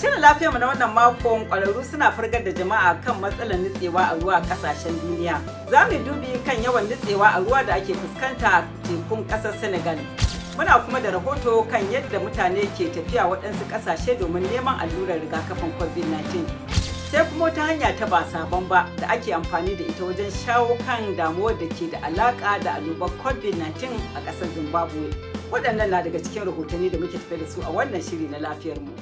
shirin lafiyarmu na wannan makon kwararru suna furgar da jama'a kan matsalar nutsewa a ruwa a kasashen duniya. Za mu dubi kan yawan nutsewa a ruwa da ake fuskanta a tekun ƙasar Senegal. Muna kuma da rahoto kan yadda mutane ke tafiya waɗansu ƙasashe domin neman allurar rigakafin COVID-19. Sai kuma wata hanya ta ba sabon ba da ake amfani da ita wajen shawo kan damuwar da ke da alaƙa da annobar COVID-19 a ƙasar Zimbabwe. Waɗannan na daga cikin rahotanni da muke tafe da su a wannan shiri na lafiyar mu.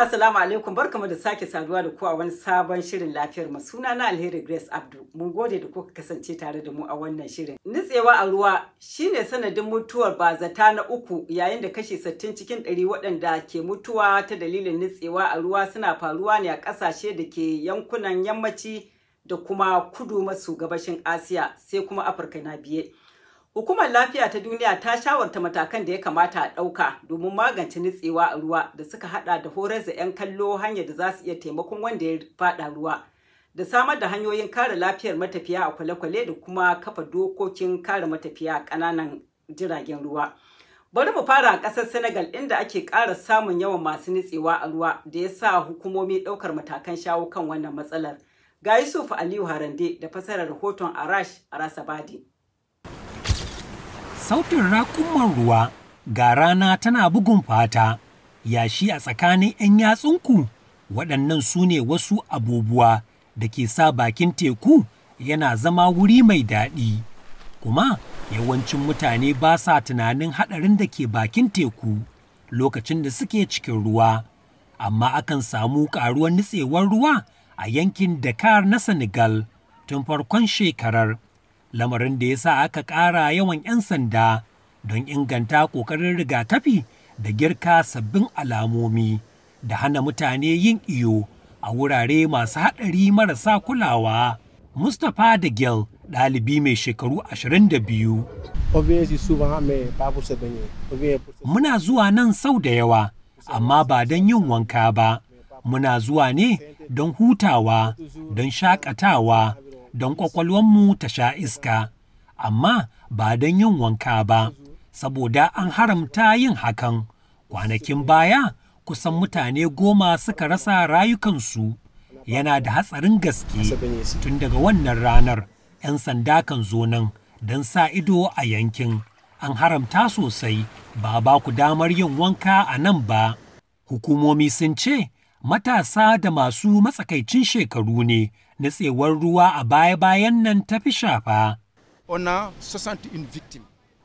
Jama'a assalamu alaikum barkamu da sake saduwa da ku a wani sabon shirin lafiyar mu suna na Alheri Grace Abdu. Mun gode da kuka kasance tare da mu a wannan shirin. Nutsewa a ruwa shine sanadin mutuwar bazata na uku yayin da kashi 60 cikin 100 waɗanda ke mutuwa ta dalilin nutsewa a ruwa suna faruwa ne a ƙasashe da ke yankunan yammaci da kuma kudu maso gabashin Asiya sai kuma Afirka na biye. Hukumar Lafiya ta Duniya ta shawarta matakan da ya kamata a ɗauka domin magance nitsewa a ruwa da suka haɗa da horar da 'yan kallo hanyar da za su iya taimakon wanda ya faɗa ruwa da samar da hanyoyin kare lafiyar matafiya a kwale-kwale da kuma kafa dokokin kare matafiya a ƙananan jiragen ruwa. Bari mu fara a ƙasar Senegal inda ake ƙara samun yawan masu nitsewa a ruwa da ya sa hukumomi ɗaukar matakan shawo kan wannan matsalar. Ga Yusuf Aliyu Harande da fasarar rahoton Arash Arasabadi. Sautin raƙuman ruwa ga rana tana bugun fata, yashi a tsakanin 'yan yatsunku waɗannan su ne wasu abubuwa da ke sa bakin teku yana zama wuri mai daɗi. Kuma yawancin mutane ba sa tunanin haɗarin da ke bakin teku lokacin da suke cikin ruwa, amma akan samu ƙaruwar nutsewar ruwa a yankin Dakar na Senegal tun farkon shekarar. lamarin da ya sa aka ƙara yawan 'yan sanda don inganta ƙoƙarin rigakafi da girka sabbin alamomi da hana mutane yin iyo a wurare masu haɗari marasa kulawa. Mustapha da Gil ɗalibi mai shekaru 22. Muna zuwa nan sau da yawa, amma ba don yin wanka ba. Muna zuwa ne don hutawa, don shakatawa, don mu ta sha iska, amma ba don yin wanka ba, saboda an haramta yin hakan. Kwanakin baya, kusan mutane goma suka rasa rayukansu. Yana da hatsarin gaske tun daga wannan ranar, 'yan sanda kan zo nan don sa ido a yankin. An haramta sosai, ba ba ku damar yin wanka a nan ba. Hukumomi sun ce, matasa da masu matsakaicin shekaru ne tsewar ruwa a baya-bayan nan ta fi shafa.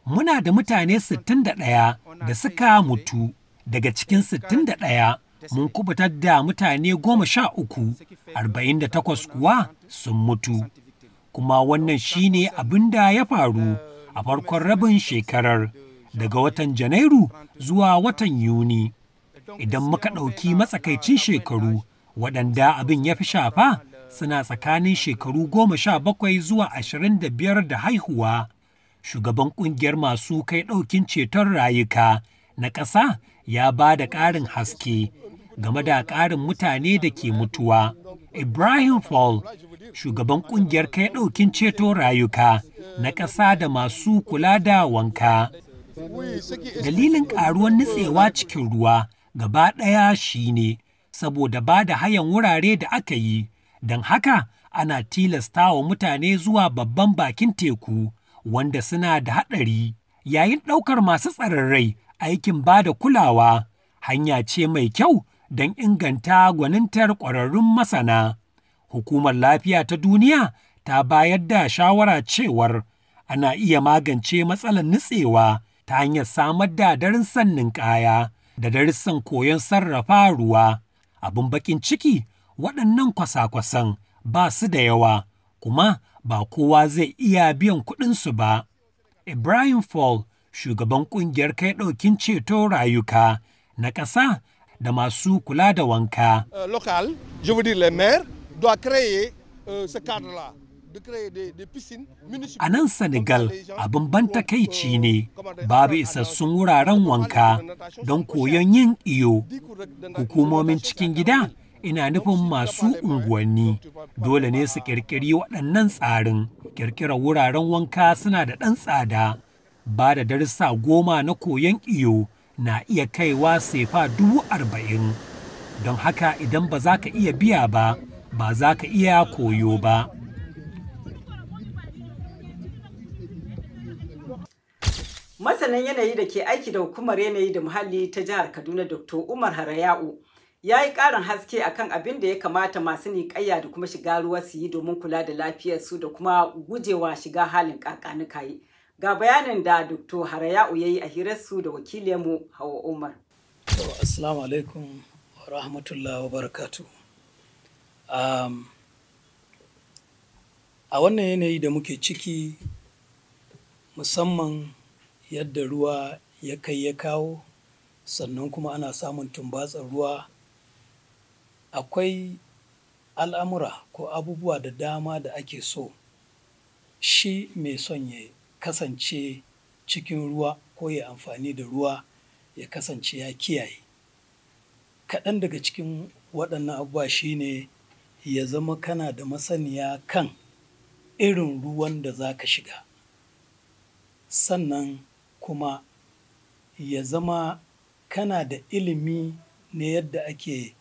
Muna da mutane 61 da suka mutu daga cikin 61 mun kubutar da mutane goma sha uku, 48 kuwa sun mutu. Kuma wannan shi ne abin da ya faru a farkon rabin shekarar daga watan Janairu zuwa watan Yuni. Idan muka ɗauki matsakaicin shekaru waɗanda abin ya fi shafa suna tsakanin shekaru goma sha bakwai zuwa ashirin da biyar da haihuwa. Shugaban ƙungiyar masu kai ɗaukin ceton rayuka na ƙasa ya ba da ƙarin haske game da ƙarin mutane da ke mutuwa. Ibrahim Fall, shugaban ƙungiyar kai ɗaukin ceto rayuka na ƙasa da masu kula da wanka. Dalilin ƙaruwar nutsewa cikin ruwa gaba ɗaya shi ne, saboda ba da hayan wurare da aka yi don haka ana tilasta wa mutane zuwa babban bakin teku wanda suna da haɗari yayin ɗaukar masu tsararrai aikin ba da kulawa hanya ce mai kyau don inganta gwanintar ƙwararrun masana hukumar lafiya ta duniya ta bayar da shawara cewar ana iya magance matsalar nutsewa ta hanyar samar da darussan ninkaya da darussan koyon sarrafa ruwa abin bakin ciki waɗannan kwasa-kwasan ba su da yawa kuma ba kowa zai iya biyan kuɗinsu ba. Ibrahim Fall, shugaban ƙungiyar kai ɗaukin ceto rayuka na ƙasa da masu kula da wanka. Euh, local, je veux dire, le maire doit créer euh, ce cadre-là. A nan Senegal abin ban takaici ne babu isassun wuraren wanka don koyon yin iyo. Hukumomin cikin gida ina nufin masu unguwanni dole ne su ƙirƙiri waɗannan tsarin ƙirƙirar wuraren wanka suna da ɗan tsada ba da darussa goma na koyon iyo na iya kaiwa sefa dubu arba'in don haka idan ba za ka iya biya ba ba za ka iya koyo ba masanan yanayi da ke aiki da hukumar yanayi da muhalli ta jihar kaduna dr umar harayau ya yi ƙarin haske akan abin da ya kamata masu niƙayya da kuma shiga ruwa su yi domin kula da lafiyar su da kuma gujewa shiga halin yi Ga bayanin da Dr. haraya ya yi a hirar su da wakilinmu Hawa Umar. Assalamu alaikum wa rahmatullahi wa barakatu. a wannan yanayi da muke ciki musamman yadda ruwa ya kai ya kawo sannan kuma ana samun tumbatsar ruwa akwai al'amura ko abubuwa da dama da ake so shi mai son ya kasance cikin ruwa ko ya amfani da ruwa ya kasance ya kiyaye kaɗan daga cikin waɗannan abubuwa shine ya zama kana da masaniya kan irin ruwan da za ka shiga sannan kuma ya zama kana da ilimi na yadda ake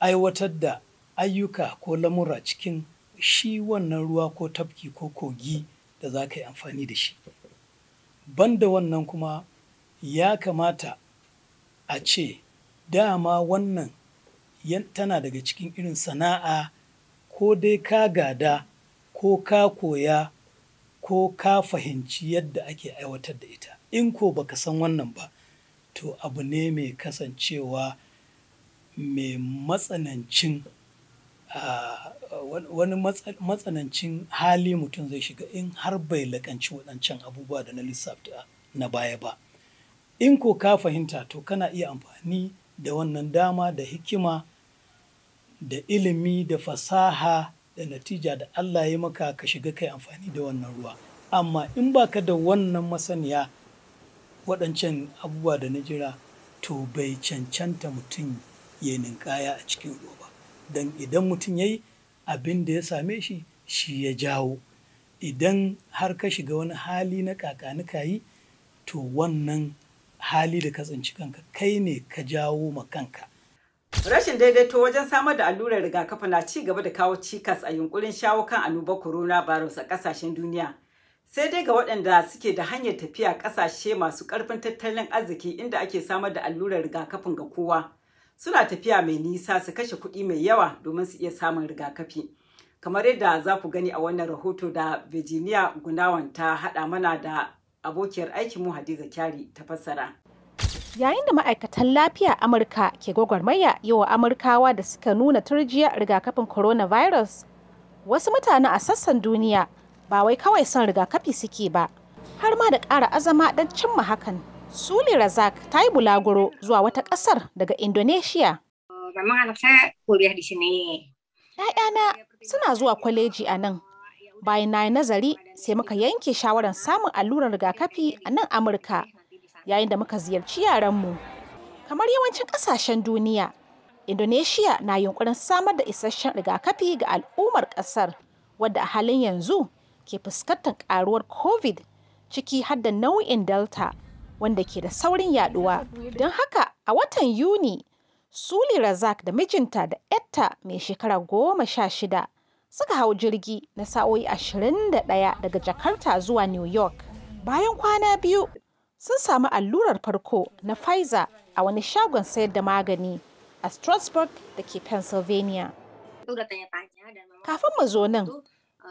aiwatar da ayyuka ko lamura cikin shi wannan ruwa ko tafki ko kogi da za ka yi amfani da shi banda wannan kuma ya kamata a ce dama wannan tana daga cikin irin sana'a ko dai ka gada ko ka koya ko ka fahimci yadda ake aiwatar da ita in ko baka san wannan ba to abu ne mai kasancewa mai matsanancin wani matsanancin hali mutum zai shiga in har bai lakanci waɗancan abubuwa da na lissafta na baya ba in ko ka fahimta to kana iya amfani da wannan dama da hikima da ilimi da fasaha da natija da Allah ya maka ka shiga kai amfani da wannan ruwa amma in ba ka da wannan masaniya waɗancan abubuwa da na jira to bai cancanta mutum ya ninkaya a cikin roba, don idan mutum ya yi abin da ya same shi shi ya jawo idan har ka shiga wani hali na ka yi to wannan hali da ka tsinci kanka kai ne ka jawo ma kanka rashin daidaito wajen samar da allurar rigakafi na ci gaba da kawo cikas a yunkurin shawo kan Corona virus a kasashen duniya sai dai ga waɗanda suke da hanyar tafiya ƙasashe masu ƙarfin tattalin arziki inda ake samar da allurar rigakafin ga kowa suna tafiya mai nisa su kashe kuɗi mai yawa domin su iya samun rigakafi kamar yadda za ku gani a wannan rahoto da virginia gunawan ta haɗa mana da abokiyar mu hadiza kyari ta fassara yayin da ma'aikatan lafiya amurka ke gwagwarmaya yawa amurkawa da suka nuna turjiya rigakafin coronavirus wasu mutane a sassan duniya ba wai kawai son rigakafi suke ba har ma da ƙara azama don cimma hakan Suli Razak ta yi bulaguro zuwa wata ƙasar daga Indonesia. ‘Ya'yana suna zuwa kwaleji a nan. Bayan na yi nazari sai muka yanke shawarar samun allurar rigakafi a nan Amurka yayin da muka ziyarci yaranmu. Kamar yawancin ƙasashen duniya, Indonesia na yunkurin samar da isasshen rigakafi ga al'ummar ƙasar wadda a halin yanzu ke fuskantar ƙaruwar COVID ciki har da nau'in Delta. wanda ke da saurin yaduwa don haka a watan yuni suli razak da mijinta da etta mai shekara goma sha shida suka hau jirgi na sa'o'i ɗaya daga jakarta zuwa new york bayan kwana biyu sun samu allurar farko na pfizer a wani shagon sayar da magani a Strasburg da ke pennsylvania kafin mu zo nan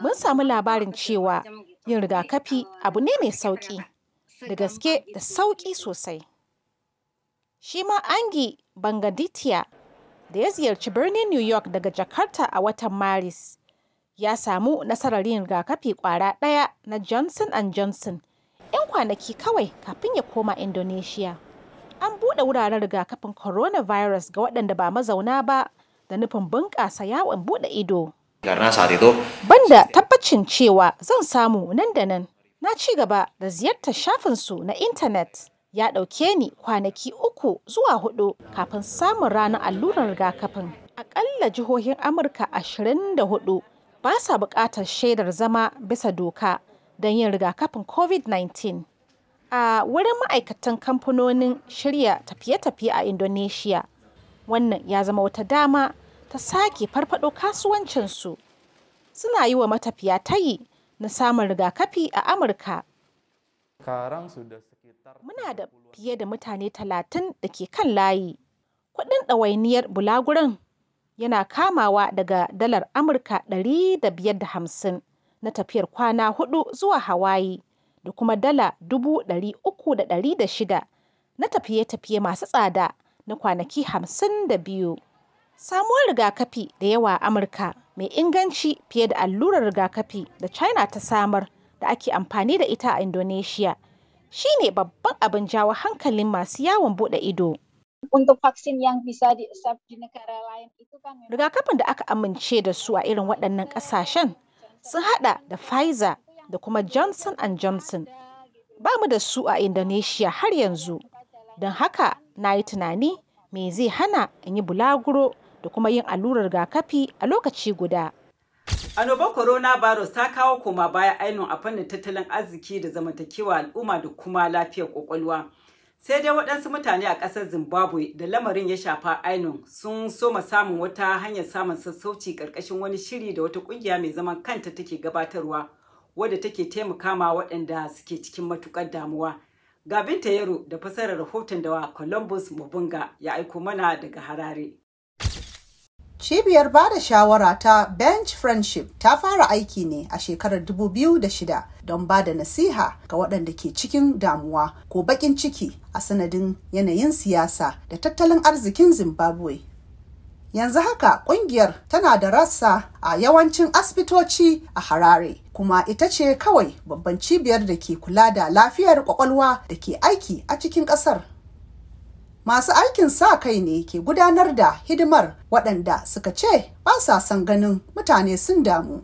mun samu labarin cewa yin rigakafi abu ne mai sauƙi. da gaske da sauƙi sosai. Shi ma Angi Bangaditya da ya ziyarci birnin New York daga Jakarta a watan Maris ya samu nasarar yin rigakafi kwara ɗaya na Johnson and Johnson 'yan kwanaki kawai kafin ya koma Indonesia. An buɗe wuraren rigakafin coronavirus ga waɗanda ba mazauna ba da nufin bunƙasa yawon buɗe ido. Banda tabbacin cewa zan samu nan da nan. na ci gaba da ziyartar shafinsu na intanet ya ɗauke ni kwanaki uku zuwa hudu kafin samun ranar allurar rigakafin aƙalla jihohin amurka 24 ba sa buƙatar shaidar zama bisa doka don yin rigakafin covid-19 a wurin ma'aikatan kamfanonin shirya tafiye-tafiye a indonesia wannan ya zama wata dama ta sake farfado kasuwancinsu suna yi wa matafiya yi. na samun rigakafi a Amurka. Muna da fiye da mutane talatin da ke kan layi. Kuɗin ɗawainiyar bulaguran yana kamawa daga dalar Amurka ɗari da biyar da hamsin na tafiyar kwana hudu zuwa Hawaii da kuma dala dubu ɗari uku da ɗari da shida na tafiye-tafiye masu tsada na kwanaki hamsin da biyu. Samuwar rigakafi da yawa a Amurka mai inganci fiye da allurar rigakafi da China ta samar da ake amfani da ita a Indonesia shine babban abin jawo hankalin masu yawon bude ido. Rigakafin da aka amince da su a irin waɗannan ƙasashen sun hada da Pfizer da kuma Johnson and Johnson. Ba mu da su a Indonesia har yanzu. Don haka na yi tunani me zai hana in yi bulaguro da kuma yin allurar rigakafi a lokaci guda. Annobar virus ta kawo koma baya ainihin a fannin tattalin arziki da zamantakewa al'umma da kuma lafiyar kwakwalwa. Sai dai waɗansu mutane a ƙasar Zimbabwe da lamarin ya shafa ainihin sun soma samun wata hanyar samun sassauci ƙarƙashin wani shiri da wata ƙungiya mai zaman kanta take gabatarwa wadda take taimaka ma waɗanda suke cikin matuƙar damuwa. Gabin Tayero da fasarar rahoton da Columbus Mubunga ya aiko mana daga Harare. Cibiyar ba da shawara ta Bench Friendship ta fara aiki ne a shekarar 2006 don ba da nasiha ga waɗanda ke cikin damuwa ko baƙin ciki a sanadin yanayin siyasa da tattalin arzikin Zimbabwe. Yanzu haka ƙungiyar tana da rassa a yawancin asibitoci a Harare, kuma ita ce kawai babban cibiyar da ke kula da lafiyar ƙwaƙwalwa da ke aiki a cikin ƙasar. masu aikin sa kai ne ke gudanar da hidimar waɗanda suka ce ba sa son ganin mutane sun damu.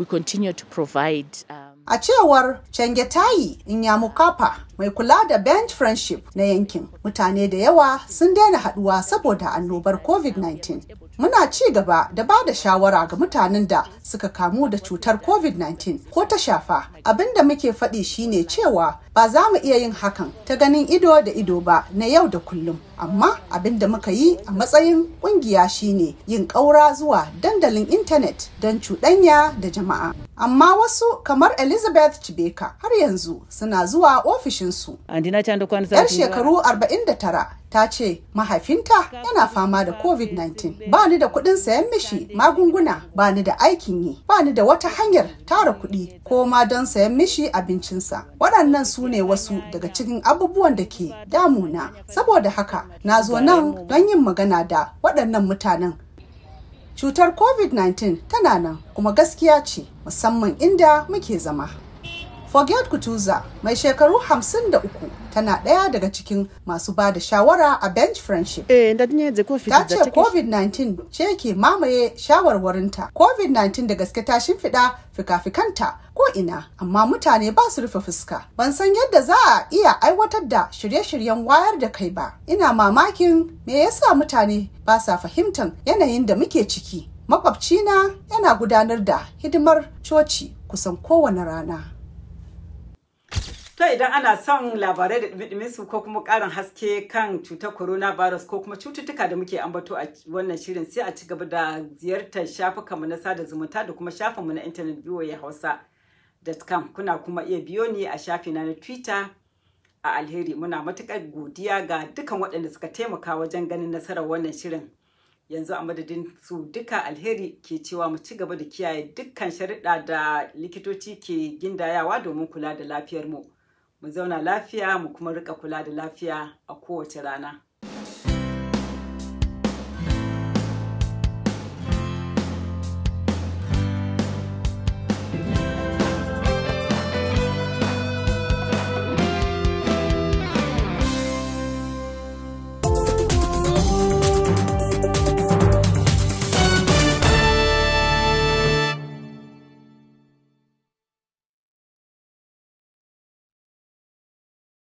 Um, A cewar in ya Inyamukapa mai kula da bench friendship na yankin mutane da yawa sun daina haduwa saboda annobar covid-19 muna ci gaba da ba da shawara ga mutanen da suka kamu da cutar covid-19 ko ta shafa abin da muke faɗi shine cewa ba za mu iya yin hakan ta ganin ido da ido ba na yau da kullum amma abin da muka yi a matsayin kungiya shine yin ƙaura zuwa dandalin intanet don cuɗanya da jama'a amma wasu kamar elizabeth chibeka har yanzu suna zuwa ofishin cikinsu. Yar shekaru 49 ta ce mahaifinta yana fama da COVID-19. Ba ni da kuɗin sayan mishi magunguna, ba ni da aikin yi, ba ni da wata hanyar tara kuɗi ko ma don sayan mishi abincinsa. Waɗannan su ne wasu daga cikin abubuwan da ke damuna. Saboda haka, na zo nan don yin magana da waɗannan mutanen cutar covid-19 tana nan kuma gaskiya ce musamman inda muke zama Forget Kutuza mai shekaru 53 tana ɗaya daga cikin masu ba da shawara a bench friendship. Eh, ta ce COVID-19 ce ke mamaye shawarwarinta. COVID-19 da gaske ta shimfiɗa fika-fikanta ko ina amma mutane ba su rufe fuska. Ban san yadda za a iya aiwatar da shirye-shiryen wayar da kai ba. Ina mamakin me yasa mutane ba sa fahimtar yanayin da muke ciki. Makwabcina yana gudanar da hidimar coci kusan kowane rana. To idan ana son labarai da dumi su ko kuma ƙarin haske kan cutar coronavirus ko kuma cututtuka da muke ambato a wannan shirin sai a ci gaba da ziyartar mu na sada zumunta da kuma shafinmu na intanet ya hausa.com kuna kuma iya biyo ni a shafi na Twitter a alheri muna matuƙar godiya ga dukan waɗanda suka taimaka wajen ganin nasarar wannan shirin. yanzu a madadin su duka alheri ke cewa mu ci gaba da kiyaye dukkan sharuɗa da likitoci ke gindayawa domin kula da lafiyar mu. mu zauna lafiya mu kuma rika kula da lafiya a kowace rana